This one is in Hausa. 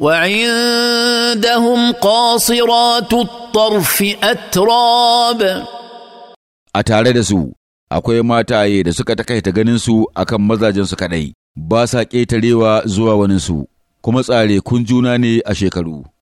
وعندهم قاصرات الطرف أتراب su, akwai mataye da suka takaita ganinsu a kan mazajensu kaɗai, ba sa ƙetarewa zuwa waninsu, kuma tsare kun juna ne a shekaru.